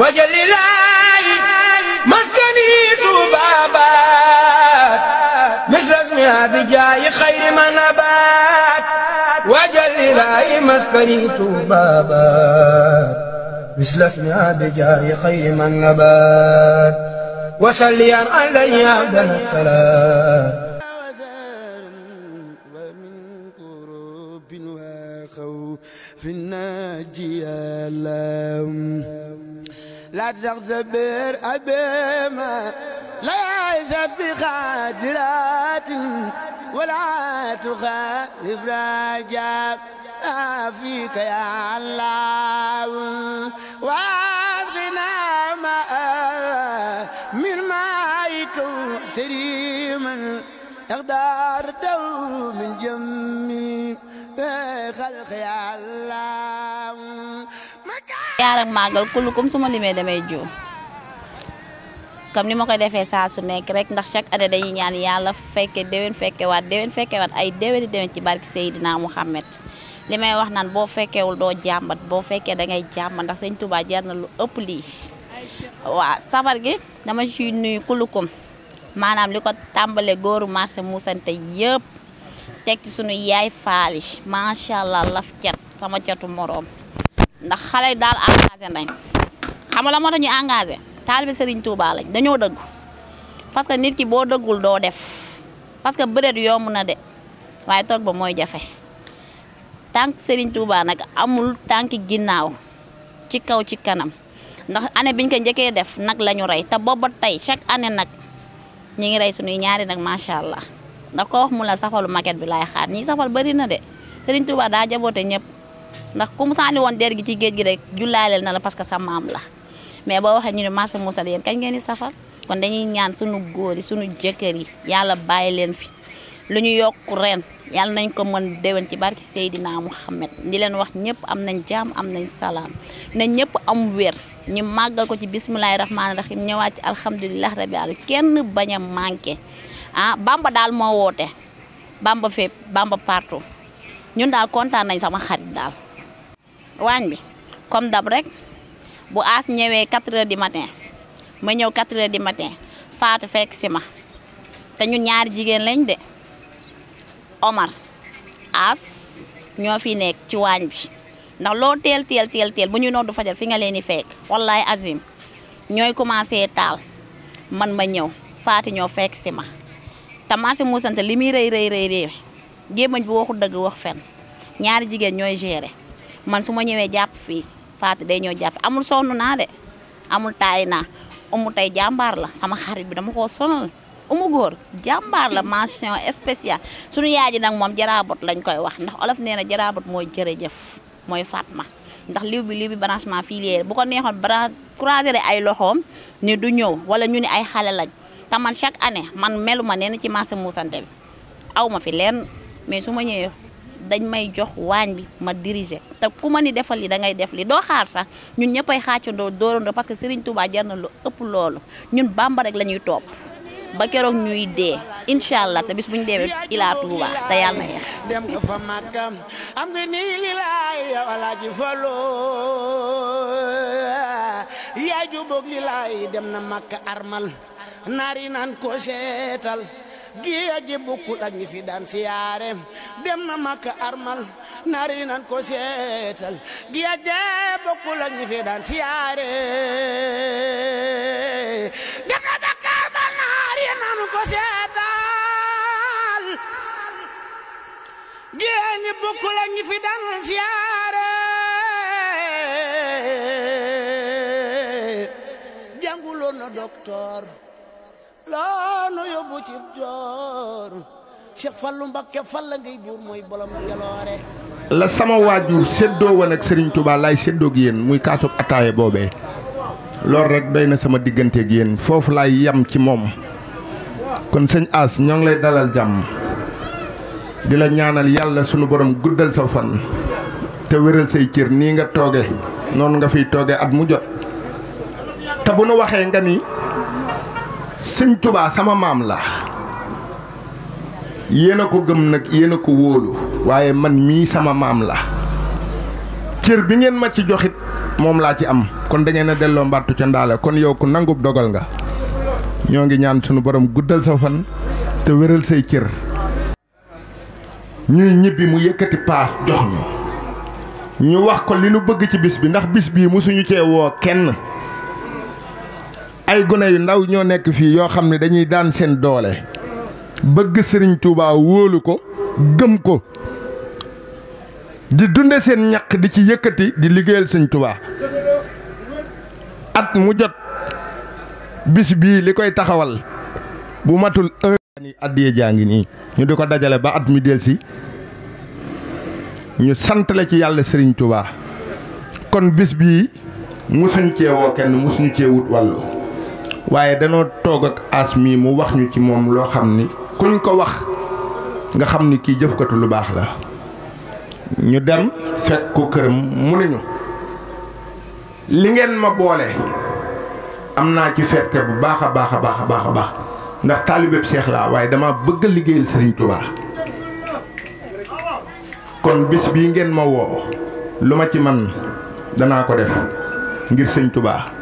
wajalilaayi maskani tuubaabaat misrak mi abijaayi xayri manabaat wajalilaayi maskani tuubaabaat misrak mi abijaayi xayri manabaat wasalliyan alayhi abdana salaat في الناجي اللهم لا تغتبر أبيما لا يسد بخادرات ولا تخالف رجاب فيك يا الله واسقنا ماء من مائك سريما اقدرته من جمي خلق يا الله yaar ak màggal kullukum su ma limee damay juum comme ni ma koy defee saa su nekk rek ndax chaque année dañuy ñaan yàlla fekke déwén fekkewaat déwén fekkewaat ay déwéni déwén ci barke Seydina Mouhamed li may wax naan boo fekkewul doo jàmbat boo fekkee dangay ngay jàmbat ndax sëñ Touba jar na lu ëpp lii waaw safar gi dama ciy nuyu kullukum maanaam li ko tàmbalee góoru marché muusante yëpp teg ci sunu yaay faali macha allah laf jat sama catu moroom ndax xale yi daal engagé nañ xam nga la moo tax ñu engagé taalibe Serigne Touba lañ dañoo dëgg parce que nit ki boo dëggul doo def parce que bëreet yomb na de waaye toog ba mooy jafe tànk Serigne Touba nag amul tànki ginnaaw ci kaw ci kanam ndax année biñ ko njëkkee def nag la ñu rey te booba tey chaque année nag ñi ngi rey suñuy ñaari nag macha allah ndax koo wax mu la safalu maquette bi laay xaar ñi safal bëri na de Serigne Touba daa jaboote ñëpp. ndax ku mu woon der gi ci géej gi rek jullaaleel na la parce que sa maam la mais boo waxee ñu ne marché Moussal yéen kañ ngeen di safar kon dañuy ñaan sunu góor yi sunu jëkkër yi yàlla bàyyi leen fi lu ñu yokk ren yàlla nañu ko mën déwén ci barki Seydina Mouhamed di leen wax ñëpp am nañ jaam am nañ salaam ne ñëpp am wér ñu màggal ko ci bisimilahi rahmaani rahim ñëwaat ci alhamdulilah rabi àll kenn bañ a manqué ah bamba daal moo woote bamba fépp bamba partout ñun daal kontaan nañ sama xarit waañ bi comme dab rek bu aas ñëwee 4 heures matin ma ñëw 4 heures du matin faatu fekk si ma te ñu ñaari jigéen lañ de Omar aas ñoo fi nekk ci waañ bi ndax loo teel teel teel teel bu ñu noddu fajar fi nga leen di fekk wallaay azim ñooy commencé taal man ma ñëw faati ñoo fekk si ma te marché muusante li muy rëy rëy rëy rëy gémmañ bu waxul dëgg wax fen ñaari jigéen ñooy gérer man su ma ñëwee jàpp fii Fatou day ñëw jàpp amul sonn naa de amul taay naa umu tey jàmbaar la sama xarit bi dama koo sonal umu góor jàmbaar la mention su suñu yaay ji nag moom jaraabot lañ koy wax ndax olof nee na jaraabot mooy jërëjëf mooy Fatma ndax liw bi liw bi branchement filière bu ko neexoon bran croiser ay loxoom ni du ñëw wala ñu ni ay xale lañ te man chaque année man meluma nee na ci marché muusante bi aw ma fi lenn mais su ma ñëwee dañ may jox waañ bi ma diriger te ku ma ni defal li da ngay def li doo xaar sax ñun ñëppay xaacandoo dóorandoo parce que Serigne Touba jar na lu ëpp loolu ñun Bàmba rek la ñuy topp ba keroog ñuy dee incha allah te bis bu ñu demee ilaa Touba te yàlla na yeex dem nga fa màggam am nga ni li laay yow alaaji falo yaay ju boog li dem na màkk armal naari naan ko seetal giya gi bukkul ak ñi fi daan siyaare dem na makka armal nari nan ko seetal giya de bukkul ak ñi fi daan siyaare dem makka armal nari ko seetal giya gi bukkul ak ñi fi daan siyaare jànguloon na laanu la ngay buur mooy bolam jaloore la sama waaju séddoo woon ak Serigne Touba laay séddoo ak yéen muy kaasub ataaye boobe loolu rek doy na sama diggante ak yéen foofu laay yam ci moom kon sëñ As ñoo ngi lay dalal jàmm di la ñaanal yàlla sunu borom guddal saw fan te wéral say cër nii nga tooge noonu nga fiy tooge at mu jot nu waxee nga sëñ tubaa sama maam la yéen a ko gëm nag yéen ko wóolu waaye man mii sama maam la cër bi ngeen ma ci joxit moom laa ci am kon dangeen delloo mbattu ca ndaale kon yow ku nangub dogal nga ñoo ngi ñaan sunu borom guddal sa fan te wéral say cër ñuy ñibbi mu yëkkati paas jox ñu ñu wax ko li nu bëgg ci bis bi ndax bis bii mosuñu cee woo kenn ay gone yu ndaw ñoo nekk fii yoo xam ne dañuy daan seen doole bëgg sëriñ Touba wóolu ko gëm ko di dunde seen ñaq di ci yëkkati di liggéeyal sëriñ Touba at mu jot bis bii li koy taxawal bu matul un addiye jaa ngi nii ñu di ko dajale ba at mi delsi ñu sant la ci yàlla sëriñ Touba kon bis bii musuñ ceewoo kenn musuñu ceewut wàllu waaye danoo toog ak as mii mu wax ñu ci moom loo xam ni kuñ ko wax nga xam ni kii jëfkatu lu baax la ñu dem fekk ko këram mu ne ñu li ngeen ma boole am naa ci ferte bu baax a baax a baax a baax a baax ndax taalibeeb seex laa waaye dama bëgg a liggéeyal sëriñ Tuubaa kon bis bii ngeen ma woo lu ma ci man danaa ko def ngir sëñ Tuubaa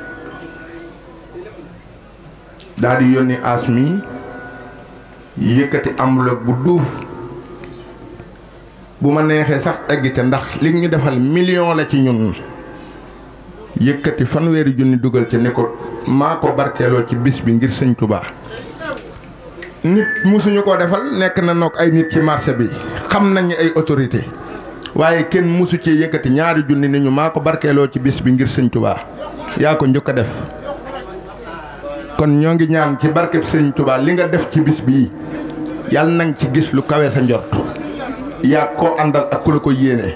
daal di yónni as mi yëkkati enveloppe bu duuf bu ma neexee sax eggite ndax li ñu defal million la ci ñun yëkkati fanweeri junni dugal ci ne ko maa ko barkeeloo ci bis bi ngir sëñ Tuubaa nit musuñu koo defal nekk na noog ay nit ci marché bi xam nañu ay autorité waaye kenn musu ci yëkkati ñaari junni ni ñu maa ko barkeeloo ci bis bi ngir sëñ Tuubaa yaa ko njëkk a def kon ñoo ngi ñaan ci barkeb sëriñ Touba li nga def ci bis bii yàlla na ci gis lu kawe sa njort yaa koo àndal ak ku ko yéene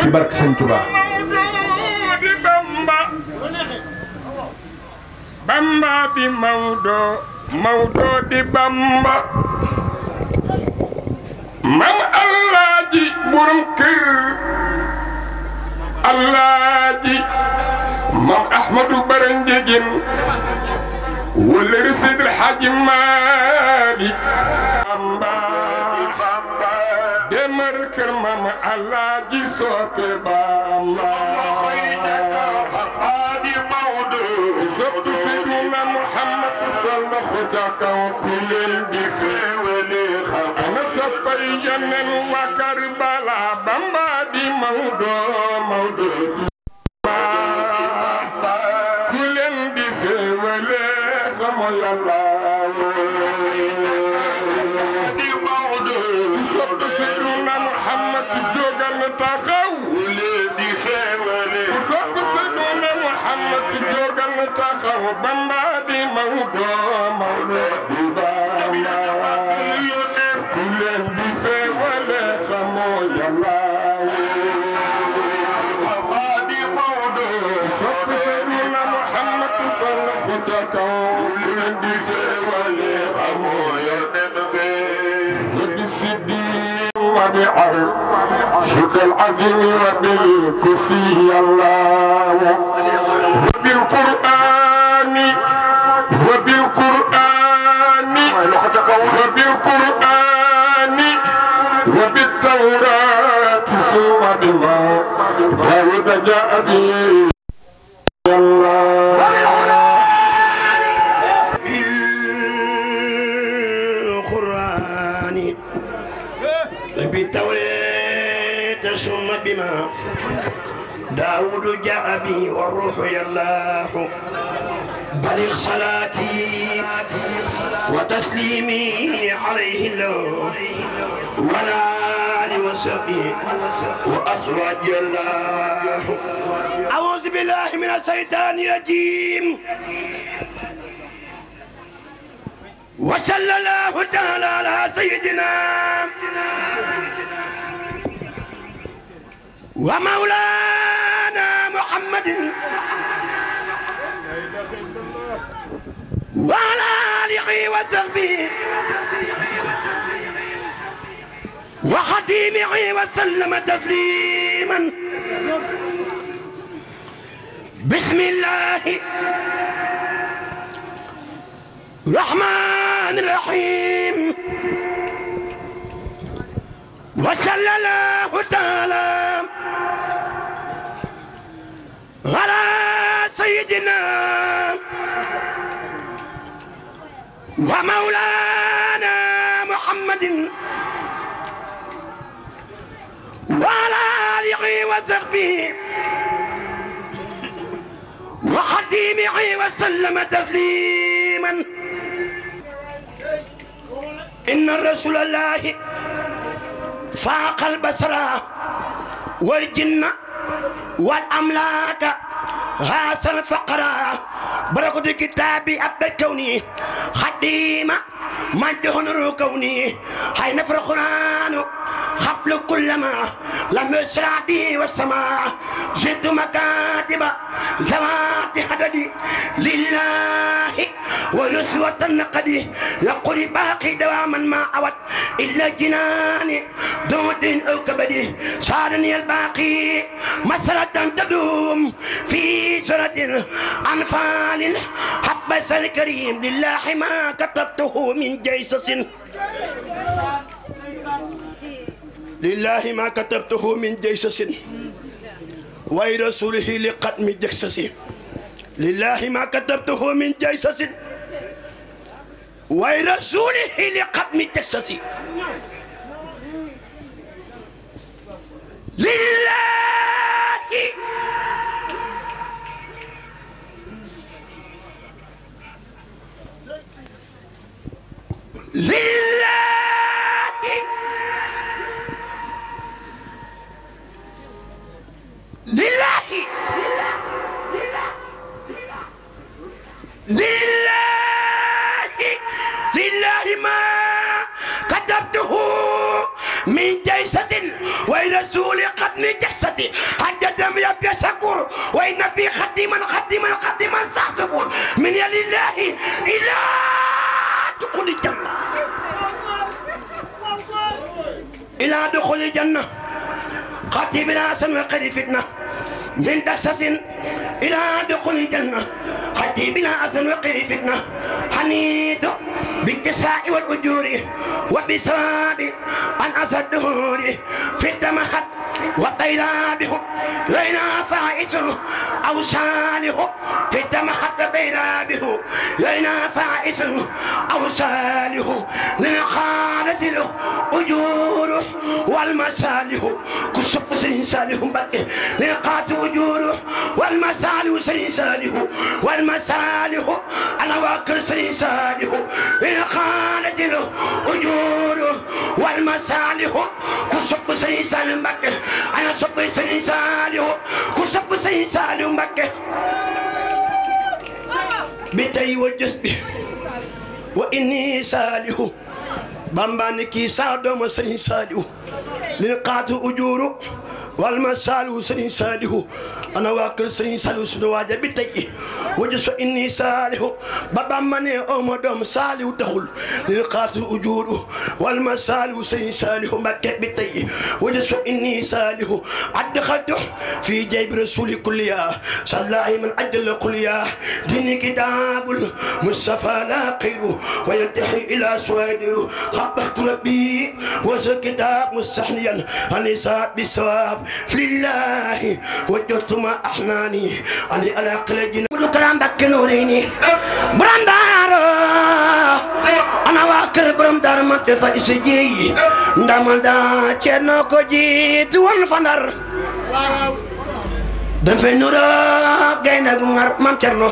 ci barke sëriñ Touba. Bamba bi Mawdo di Bamba mam Alaaji borom kër Alaaji mam Ahmadu Baranjegin wala Seydi El Hadji Malick Bamba demal kër Mame Alaaji Soote Bamba sopp Seydina Muhammad sallahu jaka wa kulen bi xéewale ana soppay yonen wa Karbala Bamba شك العظيم وبالكرسي الله وبالقرآن وبالقرآن وبالقرآن وبالتوراة ثم بما داود جاء به داود جاء به والروح يلاح بلغ صلاتي وتسليمي عليه الله ولا وصحبه وأزواج الله أعوذ بالله من الشيطان الرجيم وصلى الله تعالى على سيدنا ومولانا محمد وعلى آله وصحبه وخديمه وسلم تسليما بسم الله الرحمن الرحيم وصلى الله تعالى ala sayyidina wa mawlana muhammadin wa ala alihi wa sahbihi wa xadimihi wa sallama tasliman inna rasulallahi faaqa albasara wal jinna والأملاك هاسل فقرا بركة كتابي أبد كوني خديمة مجهن كوني هاي نفر قرآنه حبل كلما لم يسرادي والسماء جد مكاتب زوات حددي لله ونسوة النقدي يقول باقي دواما ما عود إلا جناني دون دين أو كبدي صارني الباقي مسرة تدوم في سرة أنفال حبس الكريم لله ما كتبته من جيسس lillahi ma katabtuhu min jaysasin way rasulihi li xatmi jaysasi lillahi ma katabtuhu min jaysasin way rasulihi li xatmi jaysasi lillahi lillahi lillaahi lillaahi lillaahi maa katabtuhu min jaysatin way rasuli xadni jaysati hajjatam yabya sakur way nabi xadiman xadiman xadiman saxsakur min ya lillaahi ilaa duxuli janna ilaa duxuli janna تأتي بلاسا وقد فتنة من دسس إلى دخول الجنة حتي بلا أذن وقر فتنة حنيت بالكساء والأجور وبسبب أن أسد دهوري في التمحت ودينا به لينا فائز أو صالح في الدم حتى بينا به لينا فائز أو صالح لنقالت الأجور والمصالح كل شق سرين صالح بدء لنقات أجور والمصالح سرين صالح والمصالح أنا واكل سرين صالح لنقالت الأجور والمصالح كل شق سرين صالح بدء ana sopp sëriñ Saaliw ku sopp sëriñ Saaliw Mbakke bi tey wa jës wa inni saalihu bamba ni kii saa dooma sëriñ Saaliw lin qaatu ujuru wal ma saalihu sëriñ Saalihu ana waa kër sëriñ Saliou sunu waaja bi tey waju so inni saalihu ba bamba ne oma oh, doom saalihu taxul lil xaatir ujuudu wal ma saalihu sëriñ Saliou Mbacké bi tey waju so inni saalihu addaxaltu fii jaybi rasuli kulliya sallahi man ajjala kulliya dini kitaabul mustafa la xayru wa yantahi ila suwadiru xabbatu rabbi wa sa kitaab mustahniyan an isaab bi sawaab lillahi wajjatu ma ahnaani ali ala qalajin mudu karam bakke nurini borom daaro ana waa kër borom daaro ma fa isa jeeyi ndamal da ceerno ko jiitu woon fa Ndar dañ fay nuro gaynde gu ngar mam ceerno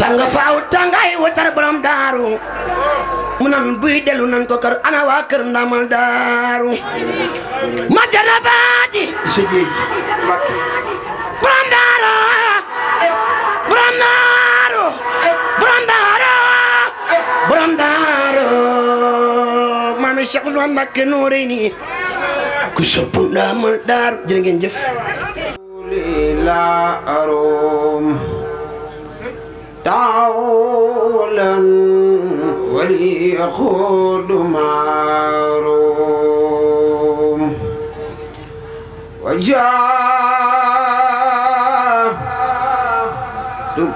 tanga faaw tangay wutar borom daaru mu nan buy delu nan ko kër ana waa kër ndamal daaru ma jana faati sigi borom daaro borom daaro borom daaro borom daaro maami Cheikh Ousmane Mbacké Noreyni ku daaru jërë jëf la وليخوض معروم وجاء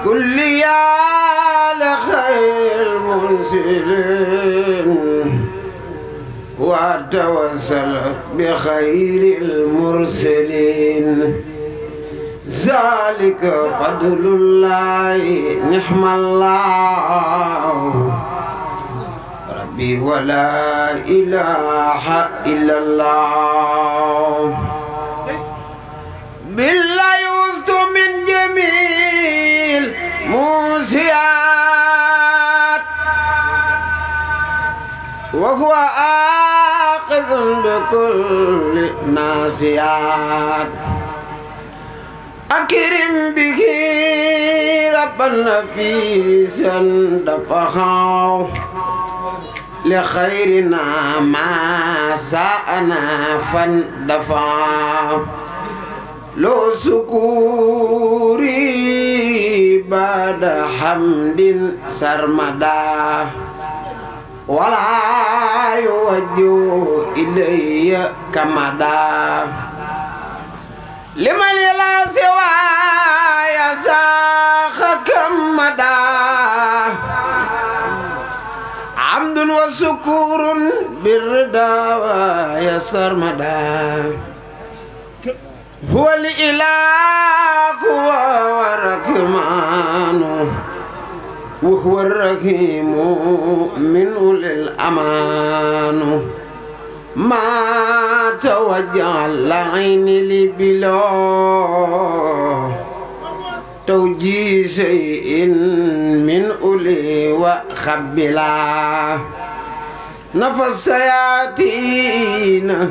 كل يا لخير المنزلين وتوسل بخير المرسلين ذلك فضل الله نحم الله ربي ولا إله إلا الله بالله يوزت من جميل موسيات وهو آخذ بكل ناسيات أكرم به ربنا في سندفها لخيرنا ما ساءنا فاندفع لو سكوري بعد حمد سرمدا ولا يوجه إلي كمدا لمن لا سوى يساخ كمدا وسكور بالرضا ويا سرمدا هو الإله وهو الرحمن وهو الرحيم من أولي الأمان ما توجه العين لبلاد توجي شيء من أولي وخبلا نفس سياتين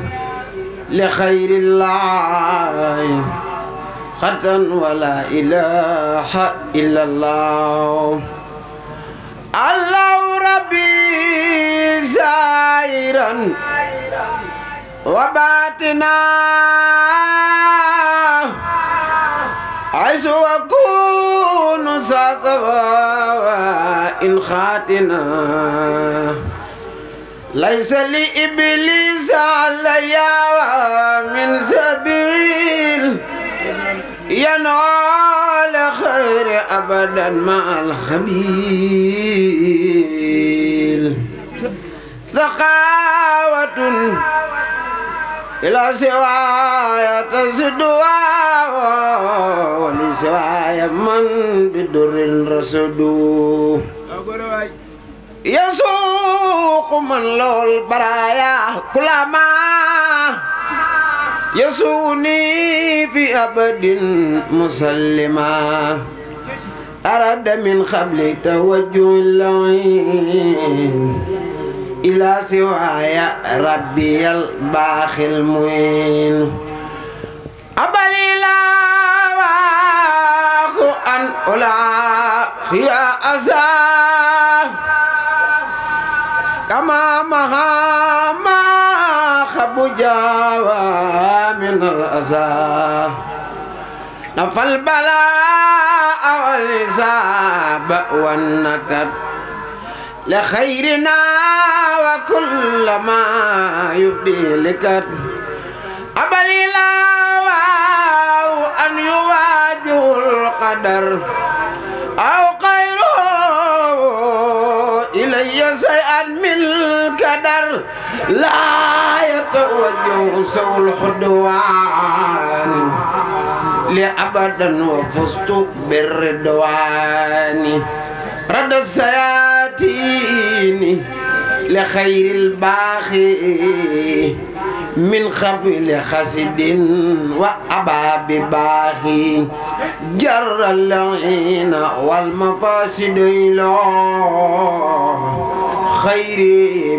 لخير الله خطا ولا إله إلا الله الله ربي زائرا وباتنا حيث أكون ساثبا إن خاتنا ليس لإبليس عليا من سبيل ينال خير أبدا مع الخبيل سخاوة إلى سواي تسدوا ولسواي من بدر رسدوا يسوق من له البرايا كلما يسوني في أبد مسلما أراد من قبل توجه اللعين إلى سواي ربي الباخ المين أبل إله أن ألاقي أزا كما مها ما خبجاوا من الأزا نفى البلاء والعذاب والنكد لخيرنا وكل ما يبدي لك أبل الله أن يواجه القدر أو غيره إلي شيئا من القدر لا يتوجه سوى الحدوان لأبدا وفزت بالردوان رد السيان التين لخير الباخي من قبل خسد وأباب باخي جر اللعين والمفاسد إلى خير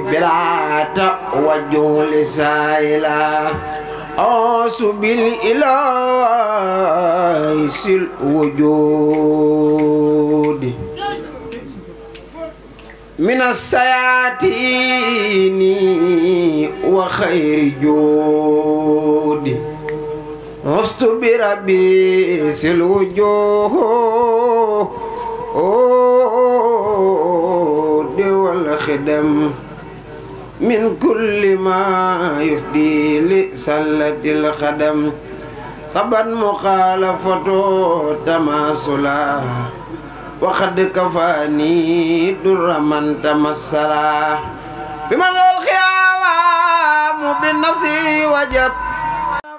بلا توجه لسائلا أعوذ بالإله الوجود من السياتين وخير جود عست بربي الوجوه والخدم من كل ما يفدي لسلة الخدم صبا مخالفة تماثلا وقد كفاني در من تمثلا بمن الخيام بالنفس وجب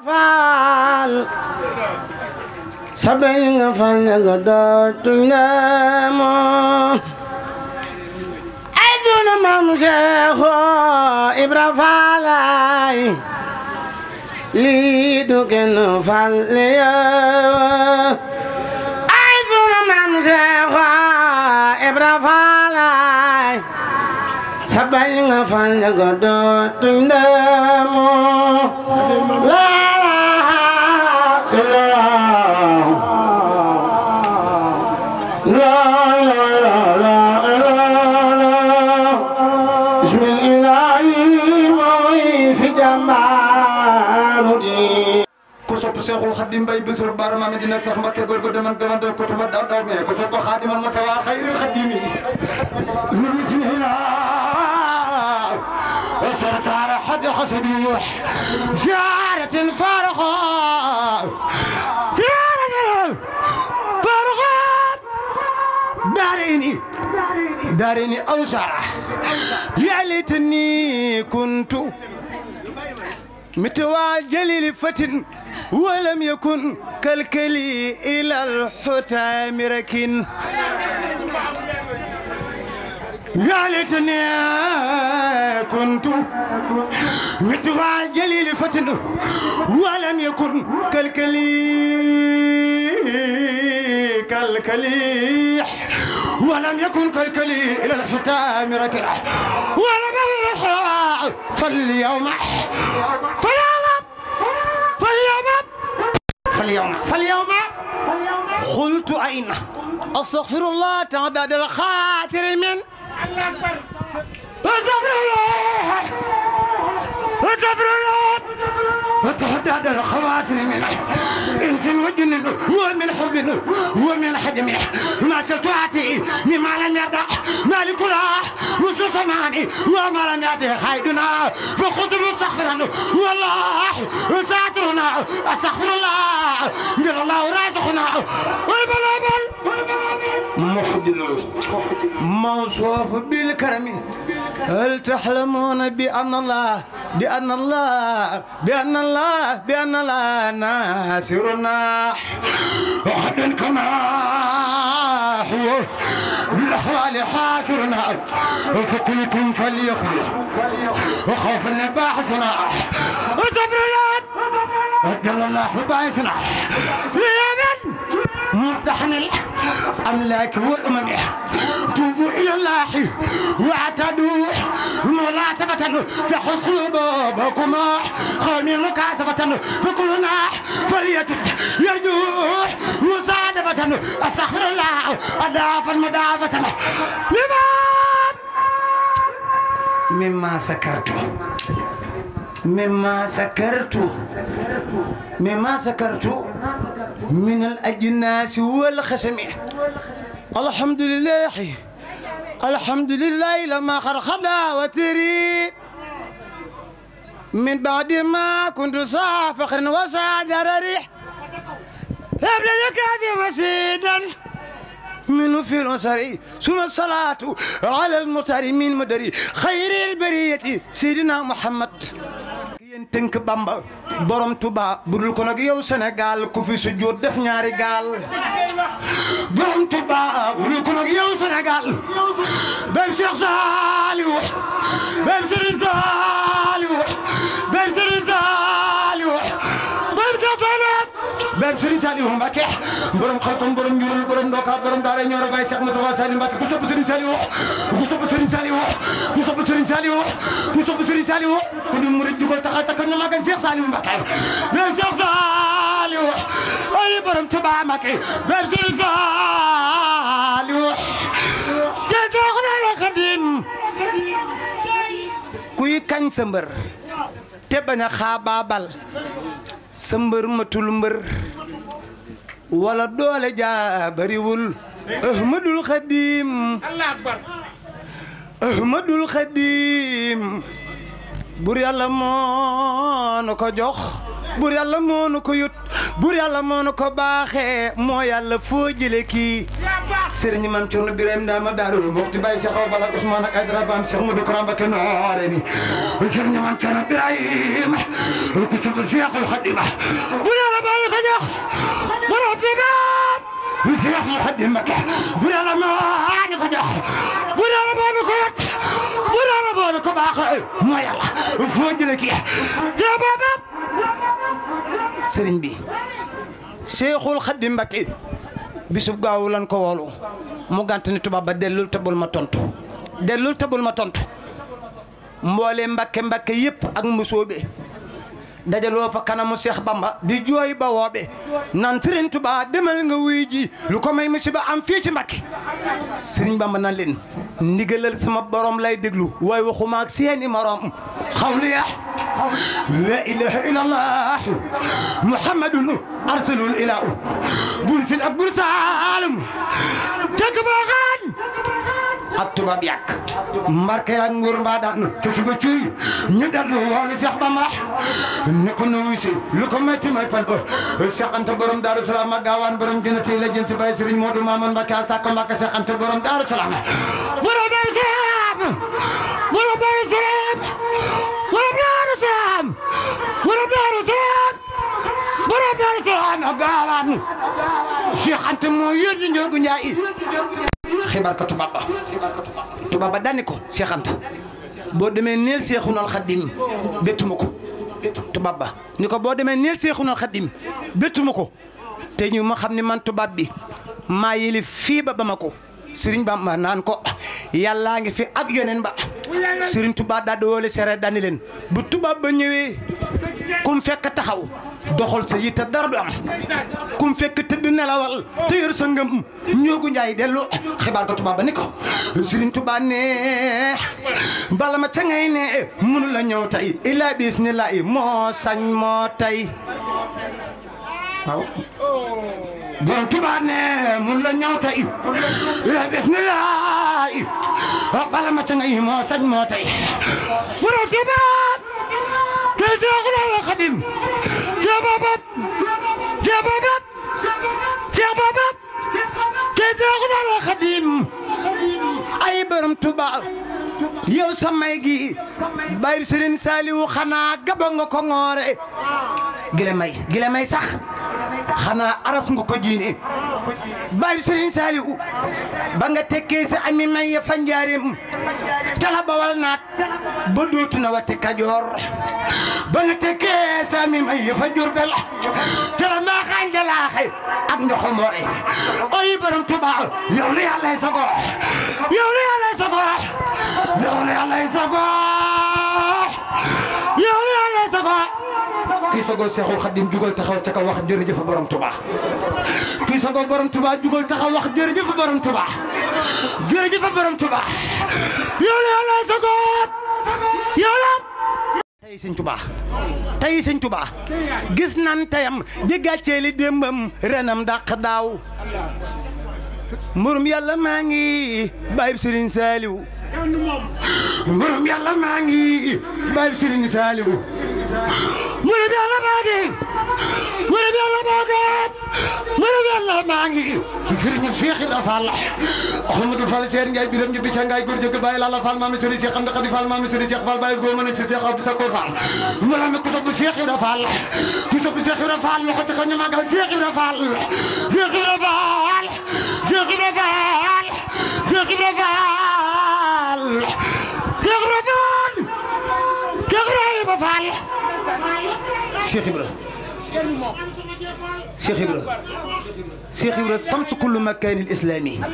فعل سبعين فلقدات نام أذن ممشيخ إبرا فعلاي ليدك نفعل seexo ibra faalaay sabay nga fan ja goddo tuñ daamu to Cheikhul Khadim Mbaye Bassirou Bara Mame Dina Cheikh Mbacké gorgo deman gawandal ko tuma daw daw me ko so ko khadiman masawa khairul khadimi min bismillah وسر سار حد حسد يوح جارة الفارقة جارة الفارقة داريني داريني أوسع يا ليتني كنت متوا جليل فتن ولم يكن كالكلي إلى الحتام ركن يا ليتني كنت متوا جليل فتن ولم يكن كالكلي كالكليح ولم يكن كالكليح إلى الحتام ركيح ولم يكن الحوار فاليوم فاليوم فاليوم فاليوم فاليوم قلت أين أستغفر الله تعداد الخاطر من الله أكبر أستغفر الله أستغفر الله وتحدد الخواطر منه انس وجن ومن حب ومن حجم ما شئت اعطي مما لم يرضى مالك لا مثل سماني وما لم يعطي خيدنا فخذ مستغفرا والله ساترنا استغفر الله من الله رازقنا والبلابل محدن موصوف بالكرم هل تحلمون بأن الله بأن الله بأن الله بأن الله ناصرنا وعدن كما هو بالأحوال حاصرنا وفقلكم فليقل وخوف النباحسنا وصبرنا أجل الله باعثنا ليمن مزدحمل أملاك والأمم توبوا إلى الله واعتدوا ملاطبة فحسنوا بابكما خوني مكاسبة فكلنا فليتد يرجوه مصادبة أستغفر الله أضعافا مضاعفة لما مما سكرت مما سكرت مما سكرت من الأجناس والخشم الحمد لله الحمد لله لما خرخدا وتري من بعد ما كنت صاع فخر وسعد ريح قبل الكافي مسيدا منه في الأسر ثم الصلاة على المطر من مدري خير البرية سيدنا محمد leen tënk bamba borom tuba budul ko nag yow Sénégal ku fi su jóot def ñaari gaal borom tuba budul ko nag yow Sénégal benn Cheikh Saliou benn Serigne Saliou benn Serigne Saliou benn Cheikh Saliou benn Serigne Saliou Mbacké borom xarton borom njurul borom ndoka borom daara ñoro bay Cheikh Moustapha Saliou Mbacké ku sopp Serigne Saliou ku sopp Serigne Saliou mu sopp Serigne Saliou mu sopp Serigne Saliou ku dul murid di ko taxa takk nga magal Cheikh Saliou Mbacké mais Cheikh Saliou ay borom Tuubaa Mbacké mais Serigne Saliou te Seexuna la Xadim kañ sa mbër te bañ a xaabaabal mbër matul mbër doole jaa bariwul Ahmadul ahmadul xadim bur yàlla moo ko jox bur yàlla moo nu ko yut bur yàlla moo nu ko baaxee moo yàlla foo jële kii sëriñ mam Cerno Birahim Ndaama Daarul Muxti Baay Cheikh Awa Balla Ousmane ak Aydara Baam Cheikh Modou Kara Mbacké noore ni sëriñ mam Cerno Birahim ko saba Seexul Xadim bur ko jox borom bisimilah Mouhadim Mbacké bu dee la maa ko jox bu dee la maa ko yott bu dee la maa ko baaxee moo yàlla fu ma jëlee kii jaabaab sëriñ bi Seexul Xadim Mbacké bisub gaawu lan ko woolu mu gànt ni tubaab ba dellul tabul ma tontu dellul tabul ma tontu mboole Mbacké Mbacké yëpp ak musóobe dajaloo fa kanamu Cheikh Bamba di jooy ba woobe nan Serigne Touba demal nga wuy ji lu ko may musiba am fii ci Mbacké Serigne Bamba nan leen ndigalal sama borom lay déglu waaye waxuma ak seeni morom xawliya la ilaha illallah muhammadun arsalul ilahu bul fil ak bul saalum ak tubaab yàq mbarke ak nguur mbaa daan te su ko cuy ñu dallu woolu Cheikh Bamba ne ko nuyu si lu ko metti may fal bor Cheikh Anta borom Daaru Salaam gaawaan borom gën a téy bay Serigne Modou Mamoun Mbacké al tàkk Mbacké Cheikh Anta borom Daaru Salaam wala Daaru Salaam wala Daaru Salaam Anta moo yónni Ndiogu Ndiaye xibaarkatu Bamba tubaab ba dani ko Seex boo demee neel Seexunal Xaddim bettuma ko tubaab ba ni ko boo demee neel Seexunal Xaddim bettuma ko te ñu ma xam ne man tubaab bi maa yëli fii ba ba ko Serigne Bamba naan ko yàllaa ngi fi ak yoneen ba Serigne Touba daal di woole sere dani leen bu tubaab ba ñëwee kum fekk taxaw doxal sa yitte dara du am kum fekk tëdd nelawal te yor sa ngëm ñoogu njaay dellu xibaar ko tubaab ba ni ko Serigne Touba ne bala ma ca ngay ne la ñëw tey illaa bis ni laa i moo sañ Borom Tuubaa ne mun la ñoota i la bismillah i o ah, bala ma canga i moo sañ moo tay Borom Tuubaa te Seexul Xadiim Seex Baabab Seex Baabab Seex Baabab te Seexul Xadiim ay Borom yow sa may gi bàyyi sëriñ Saaliwu xanaa gaba nga ko ngoore gile may gile may sax xanaa aras nga ko jiine bàyyi sëriñ Saaliwu nga tekkee sa ami may ya fanjaarim tala bawal naat ba na wati kajoor ba nga tekkee sa ami may ya fa jurbel tala maa xanjalaaxe ak ndoxu mboore oyi borom Tuubaa yow sa goro yow lu yàlla sa goro yow yàlla yi sago yow yàlla yi sago kii sago Seexul Xadim jugal taxaw ca ka wax jërëjëf borom Tuubaa kii sago borom Tuubaa jugal taxaw wax jërëjëf borom Tuubaa jërëjëf borom Tuubaa yow yàlla yi sago yow la tey sëñ Tuubaa tey sëñ Tuubaa gis nan teyam jëgàcceeli démbam renam dàq daaw mburum yàlla maa ngi bàyyi Sëriñ Saaliw borom yàlla maa ngi bàyyi Serigne Saliou borom yàlla maa ngi borom yàlla maa ngi borom yàlla maa ngi Serigne Cheikh Ibra Fall Ahmadou Fall Serigne Ngaye Biram ñu bica Ngaye góor jëkk bàyyi Lalla Fall maam Serigne Cheikh Amdi Khadi Fall maam Serigne Cheikh Fall bàyyi góor mën a Cheikh Abdou Sakor ku sopp Cheikh Ibra Fall ku sopp Cheikh Ibra Fall loxo ci kaw Cheikh Ibra Fall Cheikh Ibrahima Fall Cheikh Ibra Cheikh Ibra Cheikh Ibra samtu kullu makaanil islaami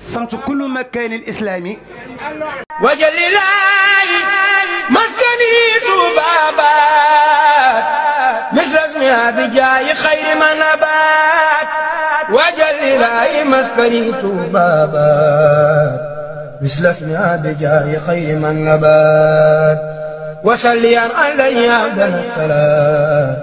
samtu kullu makaanil islaami wajalilaahi maskani tubaabaat misrak mi abijaayi xayri manabaat wajalilaahi maskani tubaabaat مثل اسمها بجاه خير من نبات وسليا عليها بن السلام